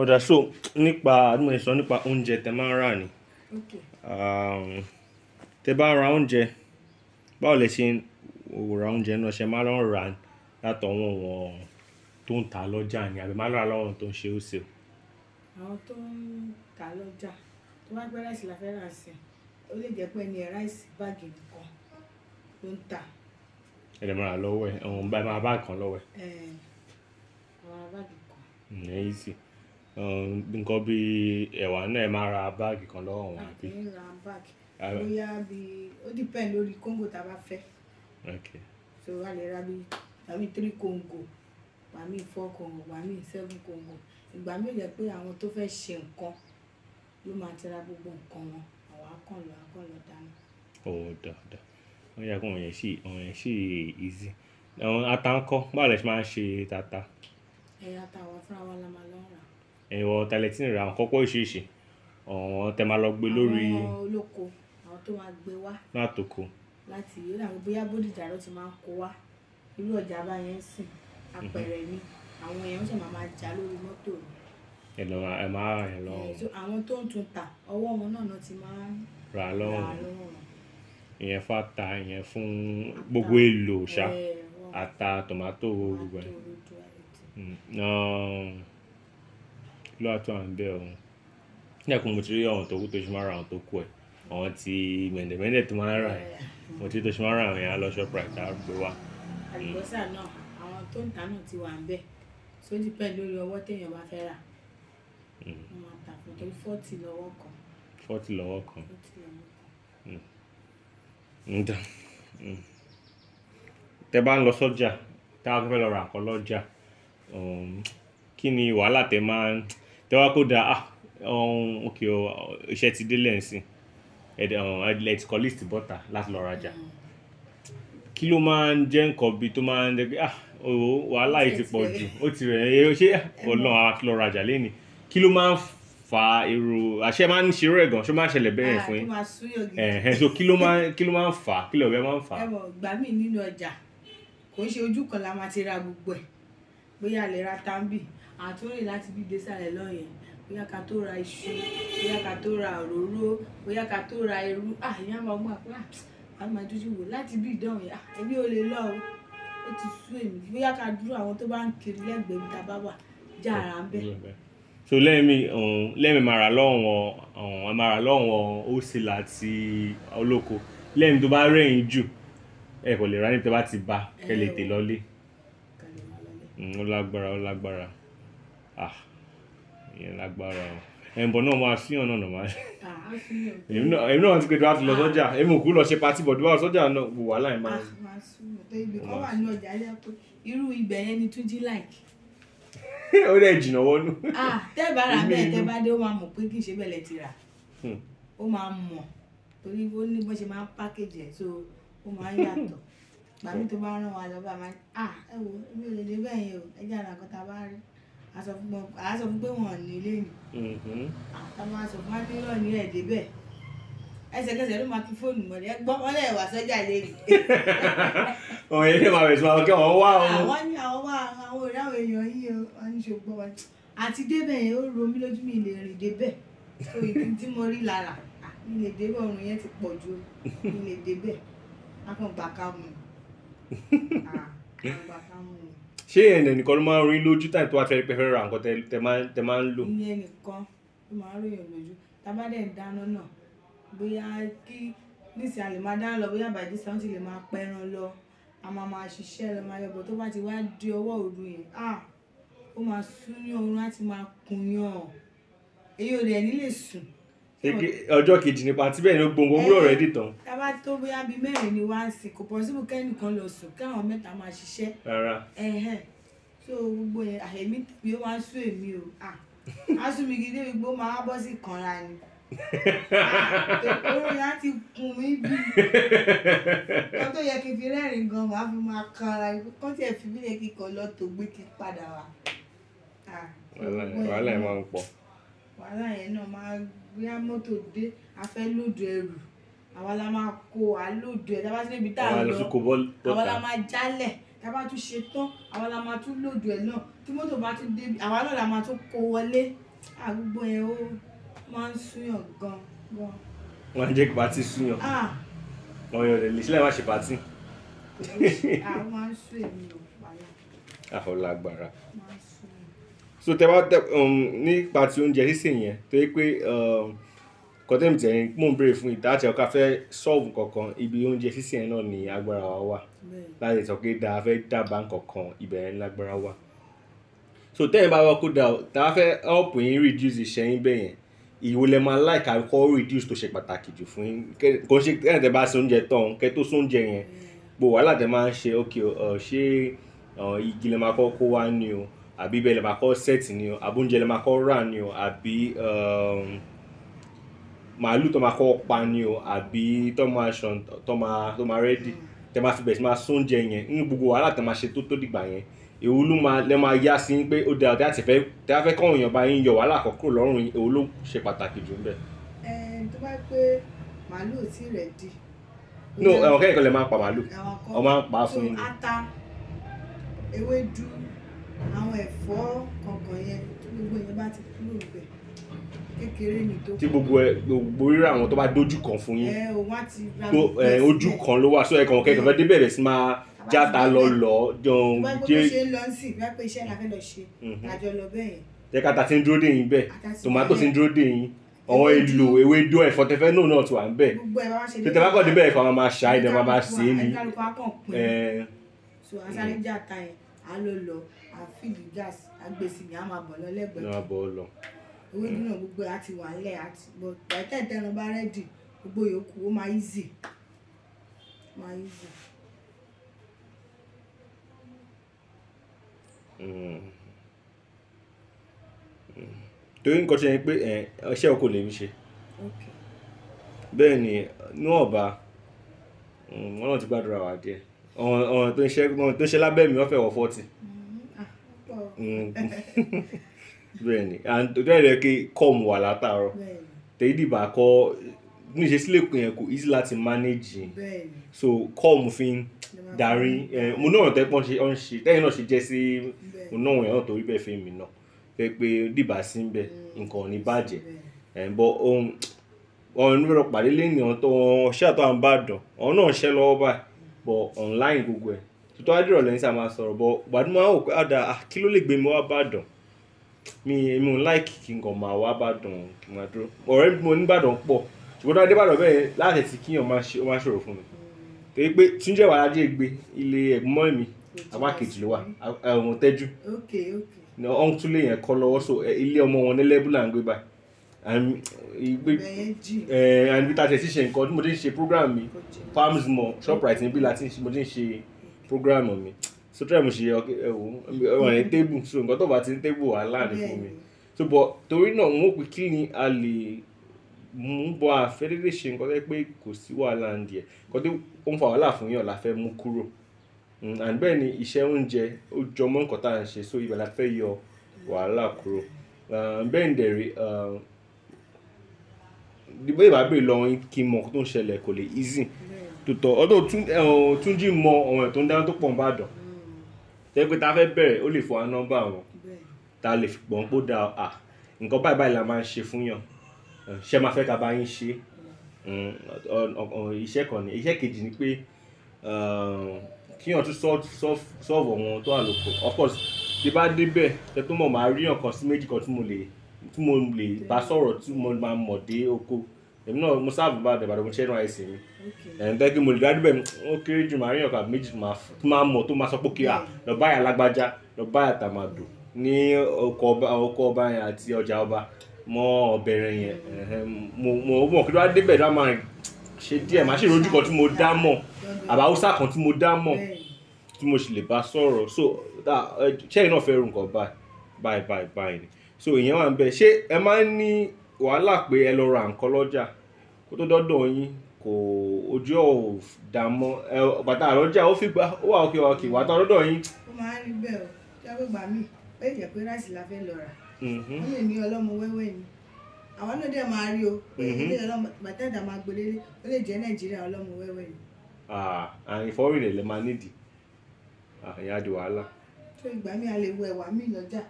Ọ̀dà so nípa, mo lè sọ nípa oúnjẹ tí ẹ máa ń rà ni. Tẹ bá ra oúnjẹ, báwo lẹ ṣe ń ra oúnjẹ náà? Ṣé máa ń rà látọwọ́ àwọn tó ń ta lọ́jà ni àbí máa ń rà lọ́wọ́ àwọn tó ń ṣe wholesale? Àwọn tó ń ta lọ́jà. Tó bá jẹ́ rice la fẹ́ rà sí, ó lè jẹ́ pé ẹni yẹn rice báàgì kan ló ń tà. Ẹ dẹ̀ máa rà lọ́wọ́ ẹ̀, òun máa bá kan lọ́wọ́ ẹ̀. Ẹ̀, a báàgì kan. Ìyẹn mm, easy. Um, nǹkan bí ẹ̀wà náà ẹ máa ra báàgì kan lọ́wọ́ wọn àbí? A kì í ra báàgì. Bóyá bí ó depend lórí kóńgò ta bá fẹ́. Okay. So a lè ra bí, ìgbà mí three kóńgò, ìgbà mí four kóńgò, ìgbà mí seven kóńgò. Ìgbà mí ó jẹ́ pé àwọn tó fẹ́ ṣe nǹkan ló máa ti ra gbogbo nǹkan wọn, àwa kàn lọ, a kàn lọ dáná. Ó dáa dáa. Ó yẹ kó òun yẹn sì, òun yẹn sì easy. Ata ńkọ́, báwo lẹ ṣe máa ń ṣe tata? ẹ̀yà tàwa fúnra wa la máa lọ rà. Ẹ̀wọ̀n tálẹ̀ tí ń ra nǹkan pọ̀ oríṣiríṣi, àwọn tẹ máa lọ gbé lórí. Àwọn olóko, àwọn tó máa gbé wá. Látòko. Láti ìlú àwọn bóyá Bódìjà ló ti máa ń kó wá. Irú ọjà báyẹn sìn, apẹ̀rẹ̀ ni. Àwọn èèyàn ṣẹ̀ máa máa já lórí mọ́tò ni. Ẹ lọ ẹ máa ra yẹn lọ́wọ́ àwọn tó ń tún ta, ọwọ́ wọn náà ló ti máa ń rà lọ́wọ́ Ìyẹn fún ata, ìyẹn fún gbogbo èlò ṣá. Ata, tòmátò, gbogbo ẹ̀. Flour tun wa ń o. Nígbà kan mo ti rí àwọn tó kú tó ṣe máa ń ra àwọn tó kù ẹ̀, àwọn Mo ti rí tó ṣe máa ń rà àwọn yẹn, a lọ Shoprite a gbé wá. Àlùbọ́sà náà, àwọn ti wà níbẹ̀, so o depend lórí ọwọ́ tí èèyàn bá fẹ́ rà. Wọ́n mm. máa tà fún tórí forty lọ́wọ́ kan. Forty lọ́wọ́ kan. Forty Nda. Mm. Mm. Tẹ bá ń lọ sọ́jà, tí a bá fẹ́ lọ ra nǹkan um, kí ni wàhálà tẹ máa ń tẹ kó da ah um, ok o iṣẹ́ ti délé ǹsìn ẹ̀dẹ̀ um, ẹ̀ ti kọ list bọ́ta láti lọ rajà kí ló máa ń jẹ́ nǹkan bí tó máa ń jẹ́ pé ah o wàhálà yìí ti pọ̀ jù ó ti rẹ̀ ẹ́ ṣé ah, ọlọ́run àti lọ rajà lẹ́ni kí ló máa ń fa irú àṣẹ máa ń ṣerú ẹ̀gàn ṣó máa ń ṣẹlẹ̀ bẹ́ẹ̀ ah, fún yín ẹ̀hẹ́n so kí ló máa kí ló máa ń fà kí ló ọ̀bẹ máa ń fà. ẹ wọ gbà nínú ọjà kò ń ṣe ojú kan la máa ti ra gbogbo ẹ̀ bóyá lè ra táǹbì àtúnrìn láti bí désàlẹ̀ lọ́yẹn bóyá ká tó ra iṣu bóyá ká tó ra òróró bóyá ká tó ra irú àyàn máa mú àpá àwọn dúdú wò láti bí ìdánwò yá ẹbí ò lè lọ ó ti sú èmi bóyá ká dúró àwọn tó bá ń kiri lẹ́gbẹ̀ẹ́ mi tàbá wà já ara ń bẹ̀. so lẹ́mi um, lẹ́mi máa rà lọ́wọ́ ẹ um, máa rà lọ́wọ́ òsìlà àti olóko lẹ́mi tó bá rẹ̀yìn jù ẹ kò lè rà ní tẹ́ bá ti bá kẹ́ lè tè lọ́lé. Mm, ó lágbára, ó lágbára. Ah! Ìyẹn lágbára o. Ẹn but náà máa súyàn náà normal. Ah, èmi náà, èmi náà ti pé tí bá ti lọ sọ́jà. Èmi ò kúkú lọ ṣe party but tí bá lọ sọ́jà náà, gbogbo wàhálà yẹn máa. A ah, máa súyàn. Ibi kan wà irú ibẹ̀ yẹn ni Túnjí like. Ó dẹ̀ jìnnà wọnú. Ah! Tẹ́ bá ra bẹ́ẹ̀ tẹ́ bá dé, ó máa mọ̀ pé kì í ṣe bẹ́ẹ̀ lẹ ti rà. Hmm. Ó máa mọ̀ torí ó ní bó ṣe máa ń package ẹ̀ so ó máa ń yàtọ̀. Ìgbà tó bá rán wa lọ bá máa ní, ah! Ẹ wo, èmi ẹjẹ́ ara kan tá a bá rí a sọ fún wọn a sọ fún pé wọn ò ní ilé yìí mm-hmm. a máa sọ fún wa ní ìrọ̀lẹ́ ẹ̀ débẹ̀ ẹsẹ̀kẹsẹ̀ ló máa fi fóònù mọ́lẹ̀ gbọ́n wọ́n lẹ̀ wá sọ́jà lérí. ọ̀hún yẹn ní màmá ìṣúná kí wọ́n wá o. àwọn ah, ní àwọn wá àwọn òrẹ́ àwọn èèyàn yìí o wọ́n ní ṣùgbọ́n wọn. àti débẹ̀ yẹn ó ro mí lójú mi lè rìn débẹ̀ tó ìdí tí mo rí lára mi lè débẹ̀ ọ̀run yẹn ti pọ̀ ju mi lè débẹ̀ akọ̀ǹgbà mu ni mu ṣé ẹ̀nà nìkan ló máa ń rin lójú táì tó wá fẹ́ pẹ́ fẹ́ ra nǹkan tẹ máa ń lò. ìyẹn nìkan ló máa ń ròyìn lójú tábà dẹ̀ ń dáná náà bóyá kí nísìnyí a lè máa dáná lọ bóyá bàjẹ́ sáwọ́ntì lè máa pẹran lọ a máa máa ṣiṣẹ́ lọ máa yọ̀bọ̀ tó bá ti wá di ọwọ́ òru yẹn ah ó máa súnyàn oorun á ti máa kunyan èyí ò dẹ̀ ní lè sùn. ọjọ́ kejì nípa tí ni ó gbòǹgbò bá tó bóyá bíi mẹ́rin ni wá ń sìn kò possible kẹ́nìkan lọ sùn káwọn mẹ́ta máa ṣiṣẹ́. rárá ẹ̀hẹ́n so gbogbo yẹn àhẹ́mí tèmi ó wá ń sún èmi o asúnmi gidi gbogbo máa bọ́ sí kanra ni owó yẹn á ti kun mí bí kan tó yẹ kí n fi rẹ́rìn gan màá fi máa kanra kan tí ẹ fi bí lè kíkan lọ tó gbé kí padà wá. wàhálà yẹn máa ń pọ̀. wàhálà yẹn náà máa gbé mọ́tò dé afẹ́ lóde ẹrù àwa la máa kó àlòdù ẹ̀ tábà sí níbi tá a lọ àwa la máa jálẹ̀ tábà tún ṣe tán àwa la máa tún lòdù ẹ̀ náà tí mọ́tò bá tún débi àwa náà la máa tún kó wọlé àgbogbo ẹ̀ ó máa ń súyàn gan gan. wọ́n á jẹ́ kí pàtí súyàn ọ̀yàn rẹ̀ lè sílẹ̀ má ṣe pàtí. àwọn máa ń sún èmi ò pààyà. àfọlágbára so tẹ bá tẹ um, nípa ti oúnjẹ sísè yẹn tó pé. Um, Nǹkan tèmi mò ń bèèrè fún ìdá ọ̀ká fẹ́ solve nǹkan ibi oúnjẹ sísè yẹn náà ni agbára wa wà. Láti sọ pé da fẹ́ dàba nǹkan ibẹ̀ yẹn lágbára wà. So tẹ́yin bá wá kó dà o, táa fẹ́ help yín reduce iṣẹ́ yín bẹ́yẹn, èwo lẹ máa like ká reduce tó ṣe pàtàkì jù fún yín. Kó ṣe kí ẹ̀yin tẹ bá se oúnjẹ tán, kí tó se oúnjẹ yẹn, gbogbo wàhálà tẹ máa ń ṣe, okay o, ṣé igi lẹ máa kọ́ kó wá ni o? Àbí ibẹ̀ lẹ máa kọ́ set ni o? Àbí oúnjẹ máa kọ́ rà ni o? Àbí, um, màálù tó máa kọ́ pa ni o àbí tó máa ṣàn tó máa tó máa rẹ́dì tẹ máa fi bẹ̀rẹ̀ sí máa sóúnjẹ yẹn ní gbogbo wàhálà tẹ máa ṣe tó tó dìgbà yẹn èwo ló máa lẹ́ máa yá sí pé ó dáa dáa tẹ̀fẹ́ tẹ́ fẹ́ kọ́ òyìnbá yín yọ wàhálà àkọ́kọ́ lọ́rùn yín èwo ló ṣe pàtàkì jù níbẹ̀. tó bá pé màálù ò tí ì rẹ́dì. no ẹ̀wọ̀n kẹ́kẹ́ lè máa pa màálù ọ ń pa fún yín. ata ewédú àwọn ẹ̀fọ́ kọ̀ọ̀kan yẹn gbogbo yẹn bá ti kúrò bẹ́ẹ̀ kékeré ni tó. tí gbogbo ẹ gbogbo rírà àwọn tó bá dojú kan fún yín. ẹ o wá ti ra mi pẹ́ ojú kan ló wà sọ ẹ̀kan kẹ́kẹ́ fẹ́ dé bẹ̀rẹ̀ sí máa játa lọ lọ wọ́n gbé ṣe ń lọ sí ìgbà pé iṣẹ́ la fẹ́ lọ ṣe àjọ mhm. lọ bẹ́ẹ̀. tẹ́ka ta ti ń dúró dè yín bẹ́ẹ̀ tòmátò ti ń dúró dè yín àwọn èlò ewédú ẹ̀fọ́ tẹfẹ́ náà náà ti wà ń bẹ̀ tètè bá kọ̀ débẹ̀ ẹ̀fọ́ máa máa ṣá ẹ̀dẹ̀ máa máa ṣe é ni. so asálẹ́jà ta ẹ̀ á lọ lọ àfíìlì gáàsì àgbèsì ni a ewédú náà gbogbo a ti wà nílẹ̀ àti but by the time tẹ́ran bá rẹ́dì gbogbo yòókù ó máa easy máa easy. torí nǹkan ṣe ni pé iṣẹ́ oko lèmi ṣe bẹ́ẹ̀ ni níwọ̀nba wọn mm, náà ti gbàdúrà wá díẹ̀ ọ̀ràn tó ń ṣe lábẹ́ mi wọ́n fẹ́ wọ fọ́ọ̀tì. bẹ́ẹ̀ni and tó dẹ́rẹ̀ kí come wà látàárọ̀ tèyí dìbà kọ́ níṣe sílẹ̀ pé yẹn kò easy láti manage yẹn so come fi ń darí mo náà tẹ́ pọ́n ṣe ọ́n ṣe tẹ́yìn náà ṣe jẹ́ sí mo náà yẹn náà torí bẹ́ẹ̀ fi mí náà pé pé dìbà sí ń bẹ mm, nǹkan ò ní bàjẹ́ bọ́ ohun ọ̀run níbi ọ̀rọ̀ pàdé lẹ́yìn ọ̀hún tó àtọ́ à ń bá dàn ọ̀hún náà ṣẹ́ lọ́wọ́ báyìí bọ̀ online gbogbo ẹ̀ tuntun adìrọ̀lẹ́yìn sá máa sọ̀rọ̀ bọ̀ gbàdúrà ó kí ló lè gbé mi wá bá dàn mi, èmi ò like kí n kàn máa wá Ìbàdàn kí n máa dúró. Ọ̀rẹ́ mi tí mo ní Ìbàdàn pọ̀, ṣùgbọ́n tí a bá dé Ìbàdàn bẹ́ẹ̀ yẹn, láti tètè kí èèyàn máa ṣe, ó máa ṣòro fún mi. Torí pé Túnjí Àwàlá Adégbé, ilé ẹ̀gbọ́n mummy mi, apá kejì ló wà, ẹ̀wọ̀n Tẹ́jú. Ọ́nkùlé yẹn kọ́ lọ́wọ́ so, ilé ọmọ wọn ní Lẹ́bú là ń gbé báyìí. And ìgbé, eh, and bí ta ṣe ti ṣe nǹkan tí mo ti ń ṣe program mi, Palms Mall, Shoprite níbí la ti ń ṣe, mo ti ń ṣe program mi so try mo ṣe ẹwọ ẹwọ ní table so nǹkan tó bá ti ní table wà láàrin fún mi so but torí náà mo pè kí ni a lè mú bọ àfẹ́rẹ́rẹ́ ṣe nǹkan tó pé kò sí wàhálà ń diẹ nǹkan tó ń fa wàhálà fún yàn la fẹ́ mú kúrò mm, and bẹ́ẹ̀ ni iṣẹ́ oúnjẹ ó jọ mọ́ nǹkan tá à ń ṣe so ibà la fẹ́ yọ wàhálà kúrò uh, bẹ́ẹ̀ ni dẹ̀rí uh, bó ìbá bèrè lọ kí n mọ tó ń ṣẹlẹ̀ kò lè easy tó tọ́ ọdún Túnjí mọ ọ̀rọ̀ tó ń dáná tó pọ̀ ń bàdàn tẹ́ pé ta fẹ́ bẹ̀rẹ̀ ó lè fún wa nọ́mbà wọn ta lè gbọ́n pò da à nǹkan báyìí báyìí la máa ń ṣe fún yàn ṣé máa fẹ́ ká bá yín ṣe iṣẹ́ kan ni iṣẹ́ kejì ni pé kí yàn tún sọ́ọ̀fù wọn tó wà lóko of course tí bá débẹ̀ tẹ́ tó mọ̀ máa rí ọ̀kan sí méjì kan tí mo lè bá sọ̀rọ̀ tí mo máa mọ̀ dé oko èmi náà mo sáàbù bá dẹ̀ bàdàn mo ṣe nysc mi ẹ̀ǹtẹ́ kí mo lè dájú bẹ́ẹ̀ ó kéré jù màá rí ọ̀kà méjì tó máa mọ̀ tó máa sọ pé kí a lọ báyà lágbájá lọ báyà tàmàdò ní oko ọba yẹn àti ọjà ọba mọ ọbẹ̀rẹ̀ yẹn mo mọ̀ kí ló wá débẹ̀ lọ́wọ́ máa ṣe díẹ̀ máa ṣe ìrojú kan tí mo dá mọ̀ àbáwúsá kan tí mo dá mọ̀ tí mo sì lè bá sọ̀rọ̀ so ṣẹ́yìn náà fẹ́ rú so ìyẹn wà ń bẹ wàhálà pé ẹ lọ ra nǹkan lọ́jà kó tó dọ́dọ̀ yín kò ojú ọ̀ dà bàtà àrọ́jà ó fi gba ó wà òkè òkè wàtà àrọ́dọ̀ yín. ó máa ń rí bẹ́ẹ̀ o jábọ̀ gbà mí pé ìjẹ́ pé ráìsì la fẹ́ lọ rà mm-hmm. wọ́n lè ní ọlọ́mọ wẹ́wẹ́ ni àwọn náà dẹ̀ máa rí o mm-hmm. ilé ọlọ́mọ bàtà ìdá máa gbélé ó lè jẹ́ nàìjíríà ọlọ́mọ wẹ́wẹ́ ni. lè máa nídìí àyà di wàhálà. tó ìgbà mi a lè wọ ẹ̀wà mi lọ́jà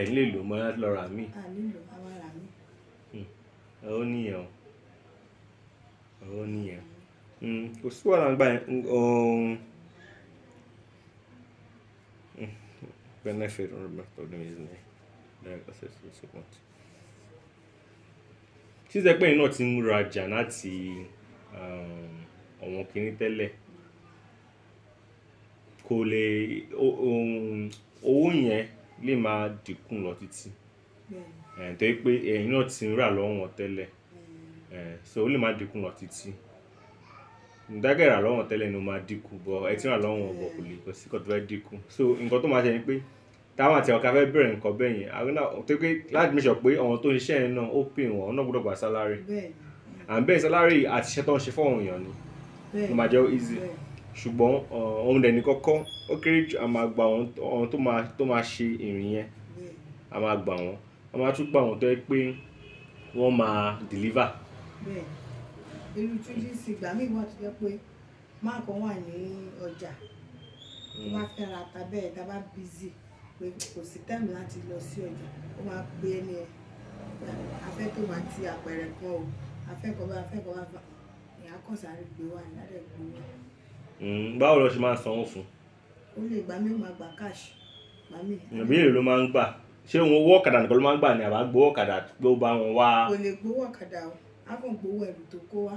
ẹ ní lè lò mọ́ láti lọ rà mí. a nílò àwa rà mí. Hmm. ó níyẹn o ó níyẹn hmm. kò sí wàhálà nígbà yẹn hmm, benefit or problem is there direct access to support. ṣíṣe pé iná ti ń rajà láti um, ọ̀wọ́n kìíní tẹ́lẹ̀ kò lè owó yẹn lè máa dínkù lọ títí. Torí pé ẹ̀yin náà ti ń rà lọ́wọ́ tẹ́lẹ̀, so ó lè máa dínkù lọ títí. Ǹtẹ́ rà lọ́wọ́ tẹ́lẹ̀ ni ó máa dínkù, but ẹ ti rà lọ́wọ́ wọn kò lè kò sí nǹkan tó fẹ́ dínkù. So nǹkan tó máa ṣẹlẹ̀ ni pé táwọn àti àwọn fẹ́ bẹ̀rẹ̀ nǹkan bẹ́ẹ̀ yẹn, àwọn náà pé láti make pé àwọn tó ṣiṣẹ́ yẹn náà ó pay wọn, àwọn náà gbọdọ̀ gba salary. And bẹ́ẹ̀ salary àti tó ń ṣe fún àwọn ni, ó máa jẹ́ ó easy ṣùgbọ́n eh, òun dẹ̀ ní kọ́kọ́ ó kéré jù a máa gba àwọn tó máa tó máa ṣe ìrìn yẹn, a máa gba wọn. A máa tún gba àwọn tó jẹ́ pé wọ́n máa deliver. Bẹ́ẹ̀ ni, irú 2gc ìgbà mí wà tó jẹ́ pé máa kan wà ní ọjà, tó bá hmm. fẹ́ ra ata bẹ́ẹ̀ tí a bá busy pé kò sí time láti lọ sí ọjà, ó máa pe ẹni yẹn. A fẹ́ tòmátì apẹ̀rẹ̀ kan o, a fẹ́ kan báyìí, a fẹ́ kan báyìí, èèyàn á kàn gbé wá ni, a dẹ̀ Hmm, báwo lọ ṣe máa sanwó fún? Ó lè gbà mí, ó máa gbà cash. Ìgbà mí. Bí ló máa ń gbà. Ṣé òun owó ọ̀kadà nìkan ló máa ń gbà ni àbí gbowó ọ̀kadà pé bá wọn wá? Kò lè gbowó ọ̀kadà o. A gbowó ẹrù tó kó wá.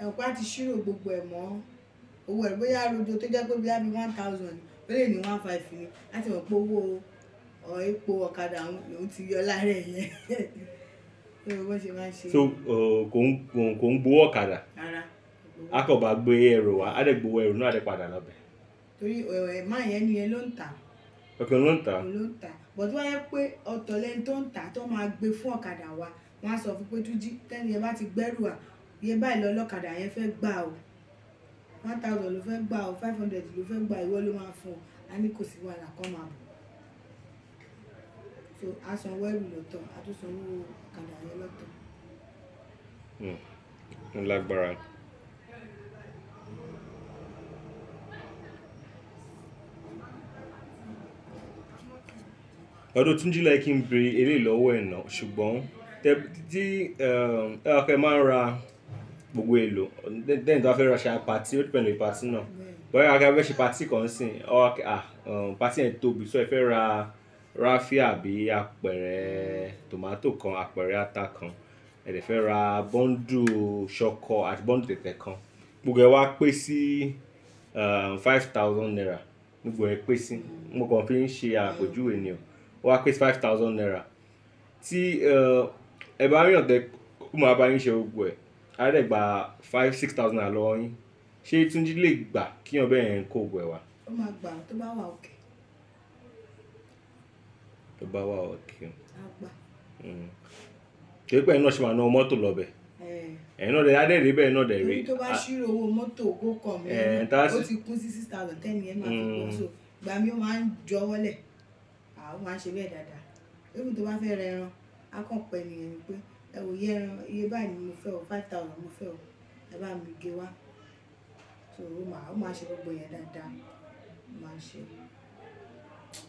Ẹ̀mọ̀ pe ṣírò gbogbo ẹ̀ mọ́. Owó ẹrù bóyá rojo tó jẹ́ pé boya one thousand, ó lè ní one five ni. A mọ̀ pé owó epo ọ̀kadà òun ti yọ lára ẹ̀ yẹn. So bó ṣe máa ṣe. So kò ń gbowó ọ̀kadà? Rárá a kàn bá gbé ẹrù wá, a dẹ̀ gbowó ẹrù náà a padà lọ Torí ẹ̀ eh, máa yẹn ni ẹ ló ń tà. Ọ̀kẹ́ ló ń tà. Ló ń tà. But tó bá jẹ́ pé ọ̀tọ̀ lẹ́ni tó ń tà tó máa gbé fún ọ̀kadà wa, wọ́n á sọ fún pé Túnjí tẹ́ni yẹn bá ti gbẹ́rù wá, iye báyìí lọlọ́kadà yẹn fẹ́ gbà o. One thousand ló fẹ́ gbà o, five hundred ló fẹ́ gbà, ìwọ ló máa fún o. A ní kò sí wàhálà kó máa bọ̀. So a sanwó ẹrù lọ́tọ̀, a tún sanwó ọ̀kadà yẹn lọ́tọ̀. Hmm. Ó lágbára. Although Túnjí like kí n bèrè eléyìí lọ́wọ́ ẹ̀ náà ṣùgbọ́n tí um, ẹ máa ń ra gbogbo èlò, then tí a fẹ́ ra ṣe party, ó depend lórí party náà. Bóyá a fẹ́ ṣe party kan nísìnyí, ah, um, party yẹn tóbi so ẹ fẹ́ ra raffia àbí apẹ̀rẹ̀ tòmátò kan, apẹ̀rẹ̀ ata kan. Ẹ dẹ̀ fẹ́ ra bundle ṣọkọ àti bundle tẹ̀tẹ̀ kan. Gbogbo ẹ wá pé sí um, five thousand naira. Gbogbo ẹ pé sí. Mo kàn fi ń ṣe àpèjúwe ni o ó wá pé five thousand naira tí eh, ẹ bá rí ọ̀tẹ̀ ó máa bá yín ṣe gbogbo ẹ̀ á dẹ̀ gba five six thousand naira lọ́wọ́ yín ṣé Túnjí lè gbà kíyàn bẹ́ẹ̀ yẹn kó gbogbo ẹ̀ wá. ó máa gbà tó bá wà òkè. tó bá wà òkè. á gbà. kí hmm. pẹ́ náà ṣe máa ná mọ́tò lọ́bẹ̀ eh. ẹ̀yin náà dẹ̀ adẹ́rẹ́ bẹ́ẹ̀ náà dẹ̀ rí. torí tó bá ṣírò owó mọ́tò ogó kan mi ó ti kún sí six thousand ten yẹn máa fi kún hmm. so gbàmí ó máa ń jọ wọlé ó máa ń ṣe bẹ́ẹ̀ dáadáa. Even tó bá fẹ́ ra ẹran, a kàn pe ènìyàn wípé "ẹ wò iye ẹran, iye báyìí ni mo fẹ́ o, five thousand mo fẹ́ o, ẹ bá mi gé wá." So ó máa, ó máa ṣe gbogbo yẹn dáadáa. Ó máa ṣe.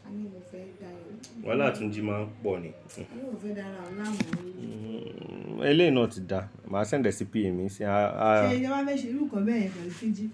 A ní mo fẹ́ dá yọ. Wàhálà Túnjí máa ń pọ̀ ni. A ní mo fẹ́ dára ọ̀un láàmú. Mm, eléyìí náà ti da. Màá send sí PM sí a. Ṣé ẹ fẹ́ ṣe irú nǹkan bẹ́ẹ̀ yẹn pẹ̀lú Túnjí,